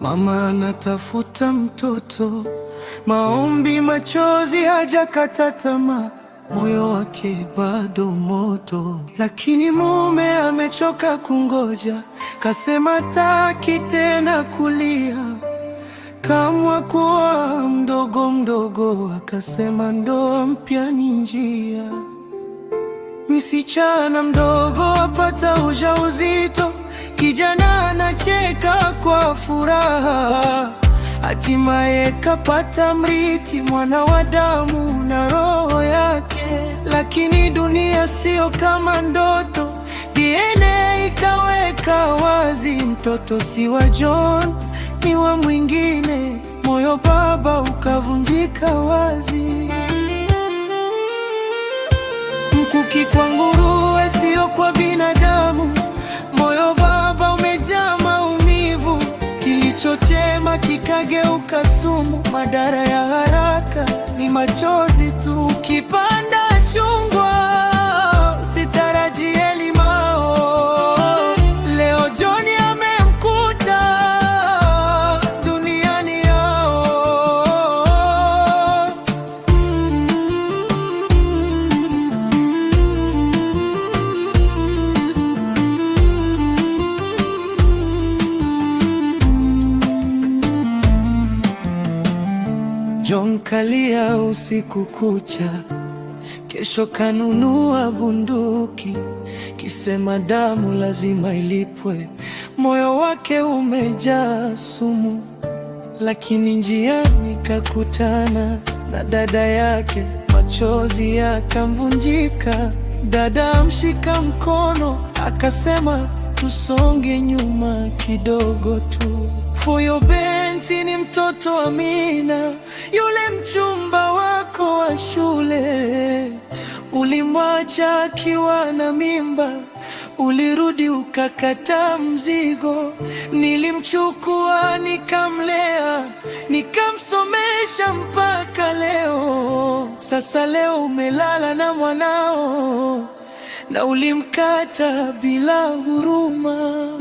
Mama anatafuta mtoto, maombi, machozi, hajakata tamaa, moyo wake bado moto. Lakini mume amechoka kungoja, kasema taki tena kulia, kamwa kuwa mdogo mdogo, akasema ndoa mpya ni njia. Msichana mdogo apata ujauzito, kijana kwa furaha, hatimaye kapata mrithi, mwana wa damu na roho yake. Lakini dunia siyo kama ndoto, DNA ikaweka wazi, mtoto si wa John, ni wa mwingine. Moyo baba ukavunjika wazi, mkuki kwa nguruwe, sio kwa binadamu. chema kikageuka sumu, madhara ya haraka ni machozi tu, ukipanda chungu John kalia usiku kucha, kesho kanunua bunduki, kisema damu lazima ilipwe, moyo wake umejaa sumu. Lakini njiani kakutana na dada yake, machozi yakamvunjika. Dada amshika mkono, akasema tusonge nyuma kidogo tu for your ni mtoto Amina, yule mchumba wako wa shule ulimwacha akiwa na mimba, ulirudi ukakata mzigo. Nilimchukua nikamlea, nikamsomesha mpaka leo. Sasa leo umelala na mwanao na ulimkata bila huruma.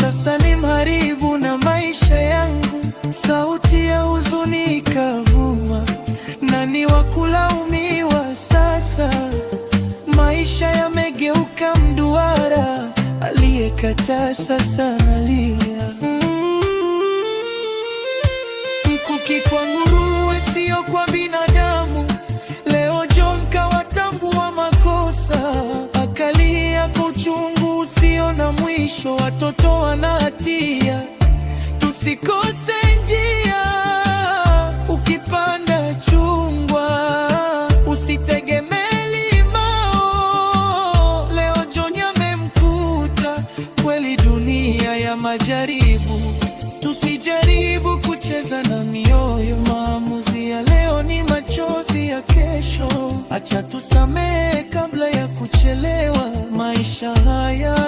sasa ni mharibu na maisha yangu. Sauti ya huzuni ikavuma, na ni wakulaumiwa sasa? Maisha yamegeuka mduara, aliyekataa sasa nalia. kesho watoto wanahatia, tusikose njia. Ukipanda chungwa usitegemee limao. Leo jonya amemkuta kweli, dunia ya majaribu. Tusijaribu kucheza na mioyo, maamuzi ya leo ni machozi ya kesho. Acha tusamehe kabla ya kuchelewa, maisha haya